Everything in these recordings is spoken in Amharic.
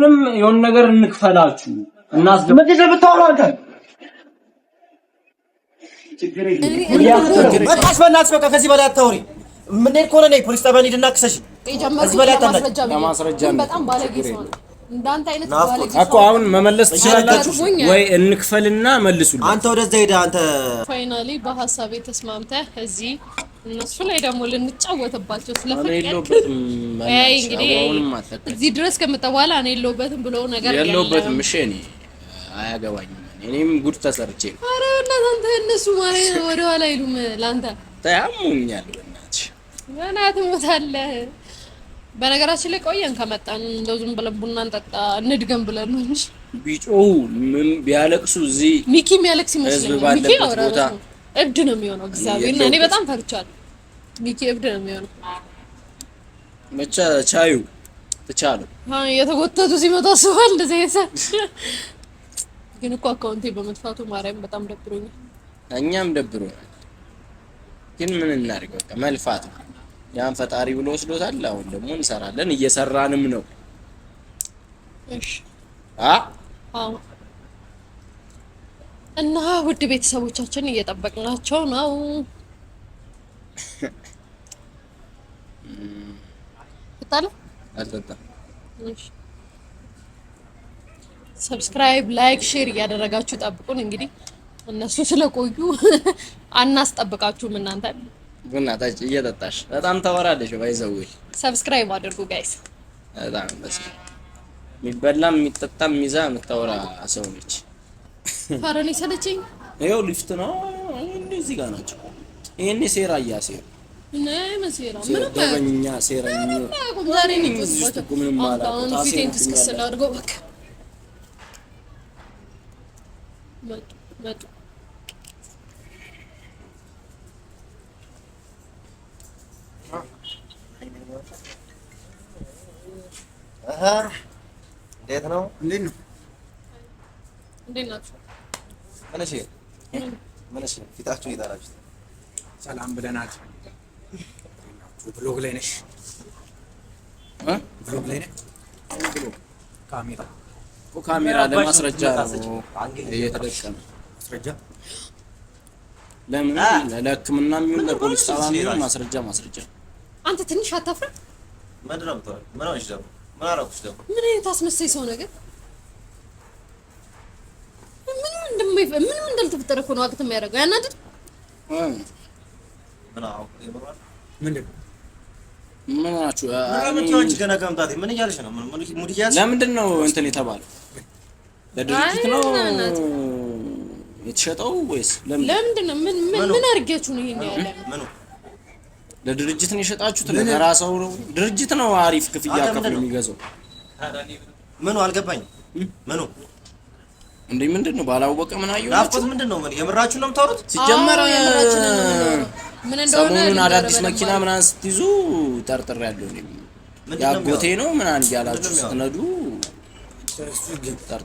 ምንም የሆነ ነገር እንክፈላችሁ እና በቃሽ፣ በእናትሽ በቃ ከዚህ በላይ አታውሪ። የምንሄድ ከሆነ ነው ፖሊስ ጣቢያ እንሂድና ክሰሽ። እኮ አሁን መመለስ ትችላላችሁ ወይ? እንክፈልና መልሱልኝ። አንተ ወደዛ ሄደህ አንተ ፋይናሊ በሀሳቤ ተስማምተህ እዚህ እነሱ ላይ ደግሞ ልንጫወትባቸው ስለፈለግን እንግዲህ እዚህ ድረስ ከመጣ በኋላ እኔ የለሁበትም ብሎ ነገር የለሁበትም። እሺ እኔ አያገባኝም። እኔም ጉድ ተሰርቼ ነው። ኧረ በእናትህ አንተ እነሱ ማለት ወደ አይሉም። ለአንተ ተያሙኛል። በእናትሽ በእናትህ ሞታለህ። በነገራችን ላይ ቆየን ከመጣን እንደው ዝም ብለን ቡና እንጠጣ እንድገም ብለን ነው እንጂ ቢጮሁ ምን ቢያለቅሱ እዚህ ሚኪ የሚያለቅስ ይመስለኛል ሚኪ እብድ ነው የሚሆነው። እግዚአብሔር እና እኔ በጣም ፈርቻለሁ። ሚኪ እብድ ነው የሚሆነው። መቻ ቻዩ ተቻሉ። አይ የተጎተቱ ሲመጣ ሰዋል እንደዚህ አይነት ግን እኮ አካውንቴ በመጥፋቱ ማርያም በጣም ደብሮኛል። እኛም ደብሮናል። ግን ምን እናድርግ፣ በቃ መልፋት ነው። ያን ፈጣሪ ብሎ ወስዶታል። አሁን ደግሞ እንሰራለን፣ እየሰራንም ነው። እሺ አ እና ውድ ቤተሰቦቻችን እየጠበቅናቸው ነው። ሰብስክራይብ፣ ላይክ፣ ሼር እያደረጋችሁ ጠብቁን። እንግዲህ እነሱ ስለቆዩ አናስጠብቃችሁም። እናንተ ቡና ጠጪ እየጠጣሽ በጣም ታወራለሽ። ባይዘው ሰብስክራይብ አድርጉ ጋይስ። በጣም የሚበላም የሚጠጣም ሚዛ የምታወራ ሰው ነች። ኧረ እኔ ሰለቸኝ። ይኸው ሊፍት ነው እዚህ ጋር ናቸው። ይሄኔ ሴራ እያሴሩ ደበኛ ምንም እንዴት ነው? እንዴት ነው? እንዴት ናቸው? ፊታችሁን የጣላችሁት ሰላም ብለናት። ብሎግ ላይ ነሽ፣ ብሎግ ላይ ነሽ። ካሜራ ካሜራ ለማስረጃ እየተደቀነ ማስረጃ ለምን ለሕክምና የሚሆን ለፖሊስ ጣባ የሚሆን ማስረጃ ማስረጃ። አንተ ትንሽ አታፍርም? ምን አይነት አስመሳይ ሰው ነገር ምንም እንዳልተፈጠረ እኮ ነው አክት የሚያደርገው። ያናድድ ለምንድን ነው እንትን የተባለው? ለድርጅት ነው የተሸጠው ወይስ ለምንድን ነው? ምን ምን ነው ይሄን ያለ? ለድርጅት ነው የሸጣችሁት? ነው ድርጅት ነው አሪፍ ክፍያ ከፍሎ የሚገዛው። ምኑ አልገባኝም። ምኑ እንዴ ምንድን ነው ባላወቀ ምን አዩ ናፍቆት ምንድን ነው? ምን የምራችሁን ነው የምታወሩት? ሲጀመር ሰሞኑን አዳዲስ መኪና ምናምን ስትይዙ ጠርጥር ያለው ነው ያጎቴ ነው ምናምን እያላችሁ ስትነዱ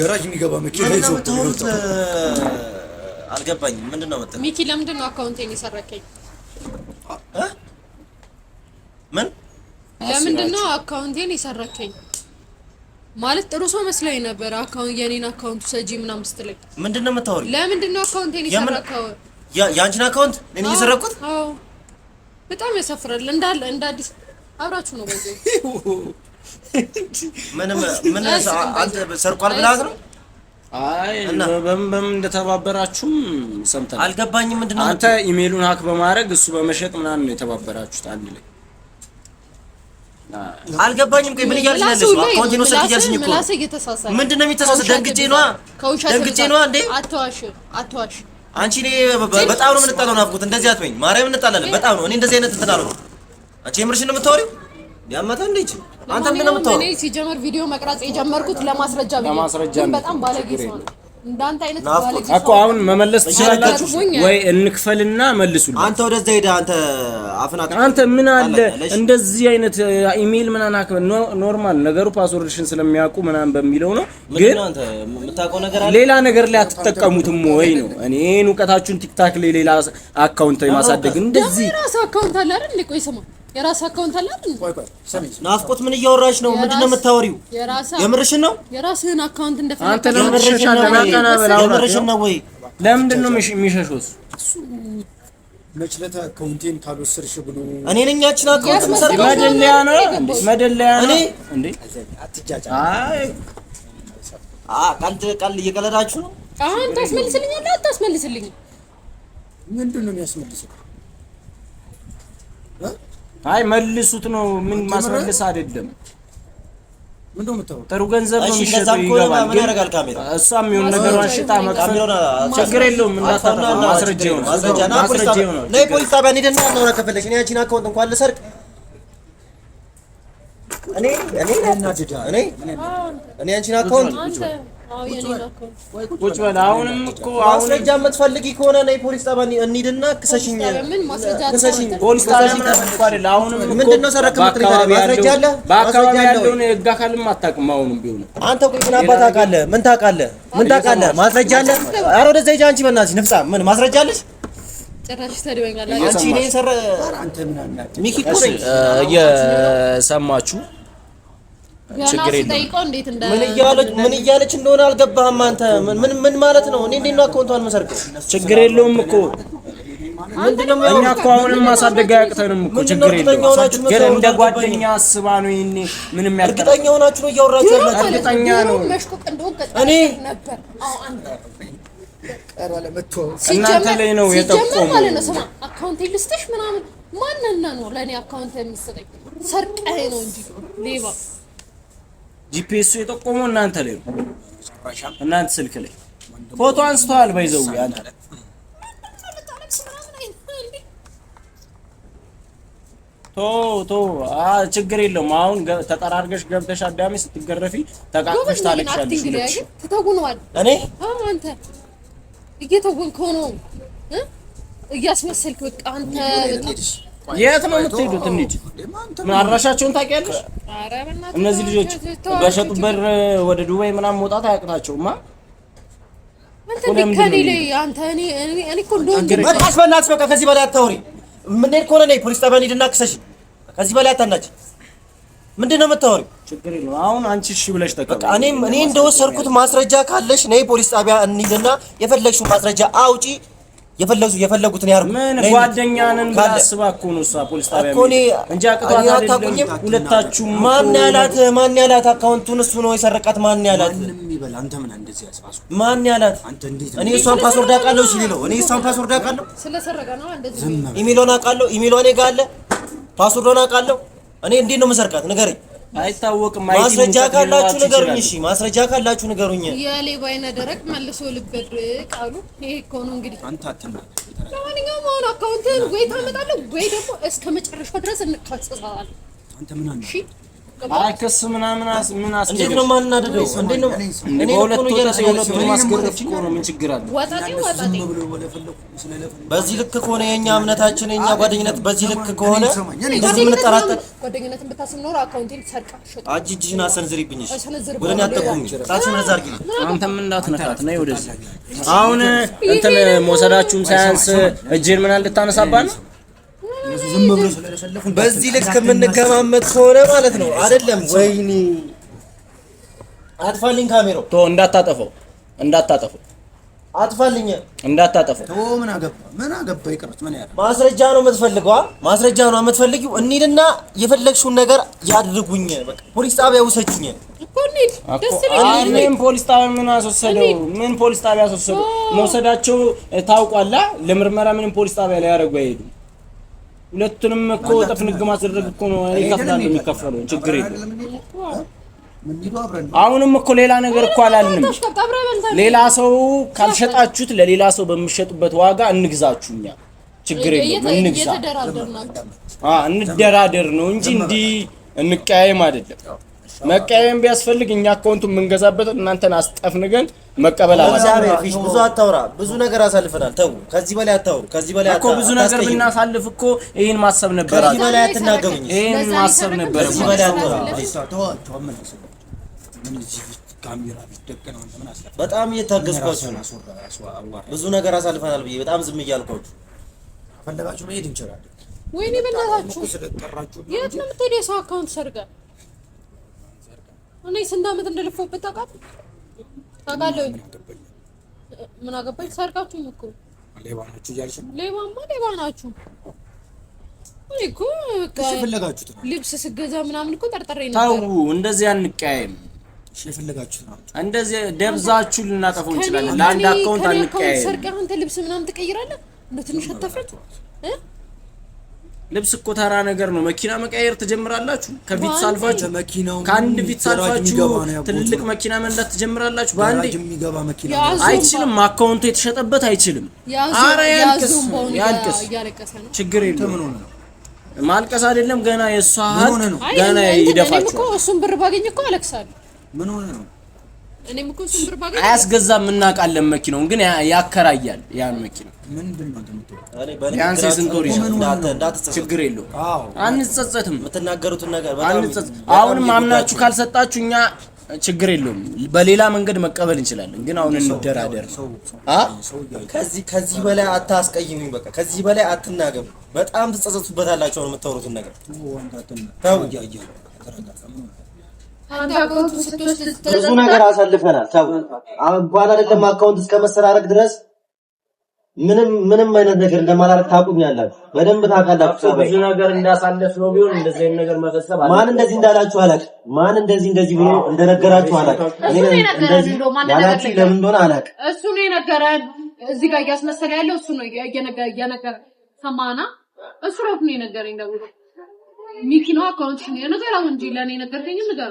ገራጅ የሚገባ መኪና ይዞ አልገባኝም። ምንድን ነው መጣ ሚኪ፣ ለምንድን ነው አካውንቴን የሰረከኝ? ምን ለምንድን ነው አካውንቴን የሰረከኝ? ማለት ጥሩ ሰው መስላኝ ነበር። አካውንት የኔን አካውንት ሰጂ ምናምን ስትለኝ ምንድን ነው የምታወሪው? ለምንድን ነው አካውንት የኔ ሰራካው የአንቺን አካውንት እኔ እየሰረኩት? አዎ በጣም ያሳፍራል። እንዳለ እንደ አዲስ አብራችሁ ነው ወይ? ምንም ምን አንተ ሰርቋል ብለሀት ነው? አይ በምን በምን እንደተባበራችሁም ሰምተናል። አልገባኝም። ምንድን ነው አንተ ኢሜሉን ሀክ በማድረግ እሱ በመሸጥ ምናምን ነው የተባበራችሁት አንድ ላይ አልገባኝም። ቆይ ምን እያልሽ ያለሽ ነው? ኮንቲኒውስ እያልሽኝ እኮ ምንድን ነው የሚተሳሰብ? ደንግጬ ነዋ፣ ደንግጬ ነዋ። እንዴ አትዋሽ፣ አትዋሽ አንቺ። እኔ በጣም ነው የምንጣለው። ናፍቆት እንደዚህ አትበይኝ። ማርያም እንጣላለን በጣም ነው። እኔ እንደዚህ አይነት እንትን አልሆንም። አንቺ የምርሽን ነው የምታወሪው? ያመታ እንዴ እቺ አንተ ምንድን ነው የምታወሪው? እኔ ሲጀመር ቪዲዮ መቅረጽ የጀመርኩት ለማስረጃ ብዬሽ፣ ግን በጣም ባለጌ ነው እኮ አሁን መመለስ ትችላላችሁ ወይ? እንክፈልና መልሱልኝ። አንተ ወደዛ ሄደህ አንተ አፍናት አንተ ምን አለ እንደዚህ አይነት ኢሜል ምናምን አክ ኖርማል ነገሩ ፓስወርድሽን ስለሚያውቁ ምናምን በሚለው ነው። ግን ሌላ ነገር ላይ አትጠቀሙትም ወይ ነው? እኔን እውቀታችሁን ቲክታክ ላይ ሌላ አካውንት ማሳደግ እንደዚህ ራስህ አካውንት አለ አይደል? ቆይ ስማ የራስ አካውንት አለ አይደል? ቆይ ቆይ ስሚ፣ ናፍቆት ምን እያወራሽ ነው? ምንድን ነው የምታወሪው? የምርሽን ነው? የራስህን አካውንት እንደፈለክ አንተ ነው ወይ? ለምንድን ነው የሚሸሸው መችለታ አካውንቴን ካልወሰድሽ ብሎ እኔ ነኝ ያችን አካውንት የምሰርቀው። መደለያ ነው መደለያ ነው እንዴ? አይ ቀልድ እየቀለዳችሁ ነው። አሁን ታስመልስልኛለህ አታስመልስልኝም? ምንድን ነው የሚያስመልሰው? አይ መልሱት ነው። ምን ማስመለስ አይደለም። ጥሩ ገንዘብ ነው የሚሸጠው ይገባል። ግን እሷም የሆነ ነገሯን ሽጣ መክፈል ችግር የለውም። እንዳታጠፋ ማስረጃ ይሆናል። ማስረጃ ይሆናል። ነይ ፖሊስ ጣቢያ እንሂድና እናውራ ከፈለግሽ። እኔ አንቺን አካውንት እንኳን ልሰርቅ እኔ እኔ እኔ አንቺን አካውንት ቁጭ በል። አሁንም እኮ ማስረጃ የምትፈልጊ ከሆነ ነይ ፖሊስ ጣቢያ እንሂድና ክሰሽኝ። ፖሊስ ጣቢያ አይደለ። አሁንም ምንድን ነው ሰረክ የምትለኝ? ማስረጃ አለ። በአካባቢ ያለውን የህግ አካልም አታውቅም። አሁንም ቢሆን አንተ ቆይ ምን አባት ታውቃለህ? ምን ታውቃለህ? ምን ታውቃለህ? ማስረጃ አለ። ኧረ ወደዛ ሂጅ አንቺ። በእናትሽ ንፍጻ፣ ምን ማስረጃ አለሽ? እየሰማችሁ ችግር የለም። ምን እያለች እንደሆነ አልገባህም አንተ። ምን ምን ማለት ነው? እኔ እንዴት ነው አካውንቷን መሰርቀው? ችግር የለውም እኮ እኛ እኮ አሁንም ማሳደግ አያቅተንም እኮ ችግር የለውም። ግን እንደ ጓደኛ አስባ ነው ይሄኔ ምንም ያልከ እርግጠኛ ሆናችሁ ነው እያወራችሁ ያላችሁ? እርግጠኛ ነው እኔ እናንተ ላይ ነው የጠቆመው አካውንት ልስጥሽ ምናምን ማንና ነው ለእኔ አካውንት የሚሰጠኝ? ሰርቀህ ነው እንጂ ሌባ ጂፒኤሱ የጠቆመው እናንተ ላይ ነው፣ እናንተ ስልክ ላይ ፎቶ አንስተዋል። ባይዘው ያንተ ቶ ቶ ችግር የለውም። አሁን ተጠራርገሽ ገብተሽ አዳሜ ስትገረፊ ተቃቅፈሽ ታለቅሻለሽ። እኔ አንተ እየተወንከው ነው እያስመሰልክ በቃ አንተ የት ነው የምትሄዱት? እንሂድ ምን አድራሻቸውን ታውቂያለሽ? እነዚህ ልጆች በሸጡ በር ወደ ዱባይ ምናምን መውጣት አያቅታቸውማ። መጣሽ በእናትሽ በቃ ከዚህ በላይ አታውሪ። የምንሄድ ከሆነ ነይ ፖሊስ ጣቢያ እንሂድና ክሰሽ። ከዚህ በላይ አታናች። ምንድን ነው የምታወሪው? ችግር የለውም አሁን አንቺ እሺ ብለሽ ተቀበል። እኔ እንደወሰድኩት ማስረጃ ካለሽ ነይ ፖሊስ ጣቢያ እንሂድና የፈለግሽውን ማስረጃ አውጪ። የፈለጉ የፈለጉትን ያርጉ። ምን ጓደኛንን ባስባ እኮ ነው እሷ ፖሊስ ጣቢያ እኮ እንጂ አቅቷት አይደለም። ሁለታችሁም ማን ያላት ማን ያላት አካውንቱን እሱ ነው የሰረቃት። ማን ያላት ማን ያላት? እኔ እሷን ፓስወርድ አውቃለሁ ሲል ነው። እኔ እሷን ፓስወርድ አውቃለሁ ስለሰረቀ ነው እንደዚህ። ኢሜሏን አውቃለሁ፣ ኢሜሏ እኔ ጋር አለ። ፓስወርዷን አውቃለሁ። እኔ እንዴት ነው የምሰርቃት? ንገረኝ አይታወቅም። ማስረጃ ካላችሁ ንገሩኝ። እሺ ማስረጃ ካላችሁ ንገሩኝ። ያሌ ባይነ ደረቅ መልሶ ልበድ ቃሉ ይሄ እኮ ነው እንግዲህ። ለማንኛውም አሁን አካውንትን ወይ ታመጣለህ ወይ ደግሞ እስከ መጨረሻው ድረስ እንካሰሳለን። አላከሱ ምናምን ምን አስገረም? እንዴት ነው የማናደደው? ነው እኔ ማስገረፍ ምን ችግር አለ? በዚህ ልክ ከሆነ የኛ እምነታችን የኛ ጓደኝነት በዚህ ልክ ከሆነ ምን ጓደኝነትን አካውንቴን እንዳትነካት ወደዚህ። አሁን እንትን መውሰዳችሁም ሳያንስ እጅን ልታነሳባት ነው ዝም ብሎ ስለተሰለፉ በዚህ ልክ የምንገማመጥ ከሆነ ማለት ነው አይደለም። ወይኔ አጥፋልኝ፣ ካሜራው ቶ እንዳታጠፈው፣ እንዳታጠፈው፣ አጥፋልኝ፣ እንዳታጠፈው። ቶ ምን አገባ ምን አገባ? ይቅርት ምን ያለ ማስረጃ ነው የምትፈልገው? ማስረጃ ነው የምትፈልጊው? እንሂድና የፈለግሽውን ነገር ያድርጉኝ። በቃ ፖሊስ ጣቢያ ውሰጅኝ። ምን ፖሊስ ጣቢያ ምን አስወሰደው? ምን ፖሊስ ጣቢያ አስወሰደው? መውሰዳቸው ታውቋላ። ለምርመራ ምንም ፖሊስ ጣቢያ ላይ ያደረጉ አይሄዱም። ሁለቱንም እኮ ጥፍንግ ማስደረግ እኮ ነው ይከፍላሉ። የሚከፈለው ችግር የለም። አሁንም እኮ ሌላ ነገር እኮ አላልንም። ሌላ ሰው ካልሸጣችሁት ለሌላ ሰው በሚሸጡበት ዋጋ እንግዛችሁ እኛ ችግር የለም እንግዛ፣ እንደራደር ነው እንጂ እንዲህ እንቀያየም አይደለም። መቀየም ቢያስፈልግ እኛ አካውንቱን የምንገዛበት እናንተን አስጠፍንገን መቀበል አለ። ብዙ አታውራ፣ ብዙ ነገር አሳልፈናል። ተው፣ ከዚህ በላይ አታውሩ። ከዚህ በላይ እኮ ብዙ ነገር ብናሳልፍ እኮ ይሄን ማሰብ ነበር። ከዚህ በላይ አትናገሩኝ። ይሄን ማሰብ ነበር። ከዚህ በላይ አታውራ። በጣም እየታገዝኳችሁ ነው። ብዙ ነገር አሳልፈናል ብዬ በጣም ዝም እያልኳችሁ ፈለጋችሁ መሄድ እንችላለን። ወይኔ በእናታችሁ የት ነው የምትሄደው? የሰው አካውንት ሰርጋ እኔ ስንት አመት እንደልፎበት ታውቃለህ? ታውቃለህ? ምን አገባኝ? ሰርቃችሁኝ እኮ ሌባ ናችሁ እያልሽ ሌባማ ሌባ ናችሁ እኮ የፈለጋችሁት ነው። ልብስ ስገዛ ምናምን እኮ ጠርጥሬ ነበር። ተው እንደዚህ አንቀያየም። የፈለጋችሁት ነው። እንደዚህ ደብዛችሁ ልናጠፈው እንችላለን። ለአንድ አካውንት አንቀያየም። ሰርቀህ አንተ ልብስ ምናምን ትቀይራለህ። ትንሽ አታፍረት እ ልብስ እኮ ተራ ነገር ነው። መኪና መቀየር ትጀምራላችሁ። ከፊት ሳልፋችሁ መኪናው ከአንድ ፊት ሳልፋችሁ ትልልቅ መኪና መንዳት ትጀምራላችሁ። በአንዴ አይችልም። አካውንቱ የተሸጠበት አይችልም። አረ ያልቅስ ያልቅስ፣ ችግር የለም። ማልቀስ አይደለም ገና የእሷ ገና ይደፋችኋል። እሱን ብር ባገኝ እኮ አለቅሳለሁ። ምን ሆነ ነው አያስገዛም፣ እናውቃለን። መኪናውን ግን ያከራያል። ያን መኪና ቢያንስ የስንት ወር ይሰጣል? ችግር የለውም። አንጸጸትም። አሁንም አምናችሁ ካልሰጣችሁ እኛ ችግር የለውም። በሌላ መንገድ መቀበል እንችላለን። ግን አሁን እንደራደር። ከዚህ በላይ አታስቀይሙኝ፣ በቃ ከዚህ በላይ አትናገሩ። በጣም ትጸጸቱበታላችሁ አሁን የምታወሩትን ነገር ብዙ ነገር አሳልፈናል። ተው እንኳን አይደለም አካውንት እስከ መሰራረቅ ድረስ ምንም ምንም አይነት ነገር እንደማላረግ ታውቁኛላችሁ፣ በደንብ ታውቃላችሁ። ብዙ ነገር እንዳሳለፍ ነው ቢሆን እንደዚህ አይነት ነገር መፈጸም አለ። ማን እንደዚህ እንዳላችሁ አላውቅም። ማን እንደዚህ እንደዚህ ብሎ እንደነገራችሁ አላውቅም። እሱ ነው የነገረን፣ እንደው ማን እንደነገረን ለምን እንደሆነ አላውቅም። እሱ ነው የነገረን። እዚህ ጋር እያስመሰለ ያለው እሱ ነው እየነገረ እየነገረ ሰማና፣ እሱ ነው የነገረኝ። ደውሎ ሚኪ ነው አካውንት ነው የነገረው እንጂ ለኔ ነገርከኝ ነገር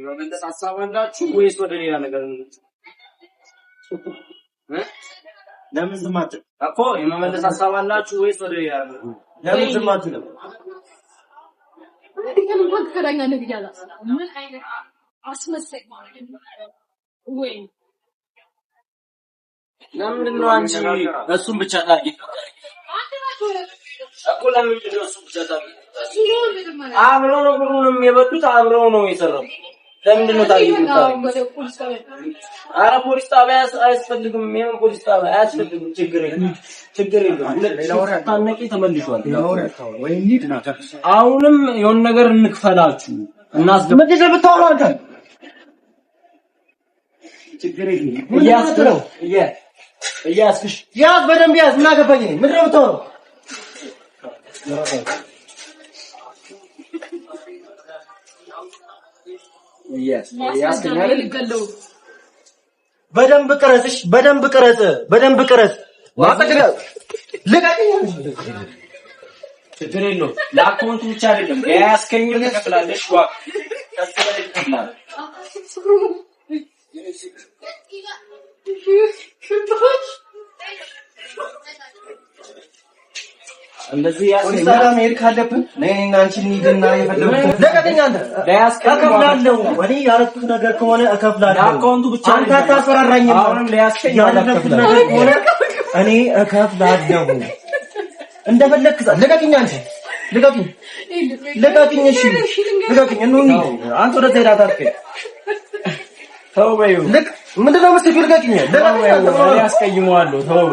የመመለስ ሀሳብ አላችሁ ወይስ ወደ ሌላ ነገር ለምን ዝም አትልም እኮ? የመመለስ ሀሳብ አላችሁ ወይስ ወደ ሌላ ነገር ለምን ዝም አትልም? ለምንድን ነው አንቺ እሱን ብቻ ታርጌት እኮ ለምንድን ነው እሱ ብቻ አብረው ነው ብሩንም የበሉት፣ አብረው ነው የሰረቁት። ለምንድን ነው ታዲያ? ኧረ ፖሊስ ጣቢያ አያስፈልግም፣ ይሄን ፖሊስ ጣቢያ አያስፈልግም። ችግር የለም፣ ችግር የለም። ታነቂ ተመልሷል። አሁንም የሆን ነገር እንክፈላችሁ እና እያስክሽ ያዝ፣ በደንብ ያዝ። ምን አገባኝ? ምንድን ነው በደንብ ቅረጽ። እሺ፣ በደንብ ቅረጽ። በደንብ ቅረጽ። ችግር የለውም። ለአካውንቱ ብቻ አይደለም ያስከኝ ትከፍላለሽ። ዋ እንደዚህ ያስሰላም ሄድ ካለብን ነይ እና አንቺ እንሂድና የፈለጉት ለቀቀኝ። አንተ እኔ ያረኩት ነገር ከሆነ እከፍላለሁ። አካውንቱ ብቻ አንተ አሁንም ያረኩት ነገር ከሆነ እኔ እከፍላለሁ። ዛ ለቀቀኝ። አንቺ እሺ እንሁን አንተ ወደ ዘይዳ ተው ልክ ምንድነው ያስቀይመዋለሁ። ተው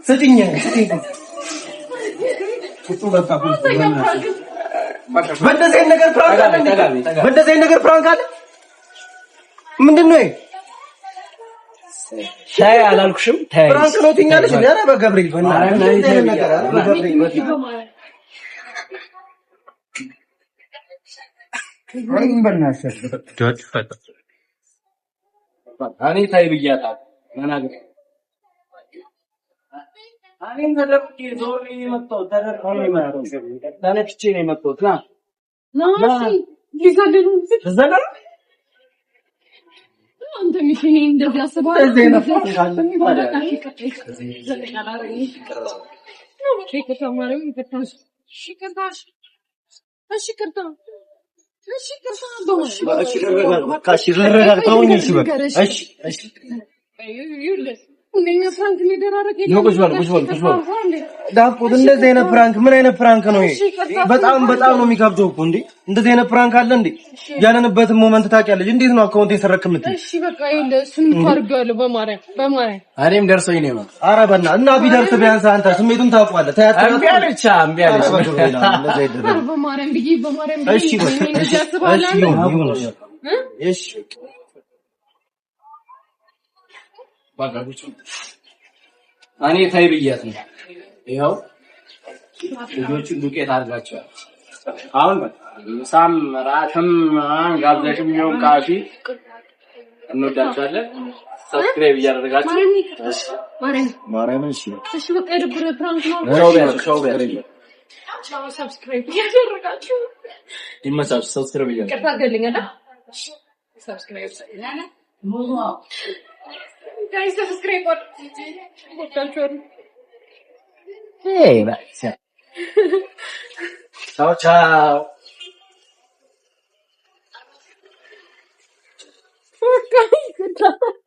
Sejingnya, sejingnya. Kutu bakal kutu bakal. በእንደዚህ ነገር ፕራንክ አለ፣ በእንደዚህ ነገር ፕራንክ አለ። ምንድነው? ነው ታይ አላልኩሽም? ታይ ነው ትኛለሽ። ኧረ በገብርኤል በእናትህ ታይ ብያታለሁ። እኔም ተነክቼ ነው የመጣሁት። ና ና እንደዚህ ዳቆት እንደዚህ አይነት ፕራንክ ምን አይነት ፕራንክ ነው ይሄ? በጣም በጣም ነው የሚከብደው እኮ እንዴ! እንደዚህ አይነት ፕራንክ አለ እንዴ? ያለንበትን ሞመንት ታውቂያለሽ። እንዴት ነው አካውንት የሰረክ የምትይው? እሺ በቃ እኔም ደርሶኝ ነው። ኧረ በእናትህ እና ቢደርስ ቢያንስ አንተ ስሜቱን ታውቀዋለህ። እሺ ባጋጆቹ እኔ ታይ ብያት ነው። ይኸው ልጆቹን ዱቄት አድርጋቸዋል። አሁን ሳም ራትም ጋብዘሽም ይሁን ካፊ እንወዳቸዋለን። ሰብስክራይብ እያደረጋችሁ ማርያምን ሰብስክራይብ እያደረጋችሁ ይመሳሰብ። ሰብስክራይብ እያደረጋችሁ guys, to was great work. You did. Well Hey, that's Ciao, ciao.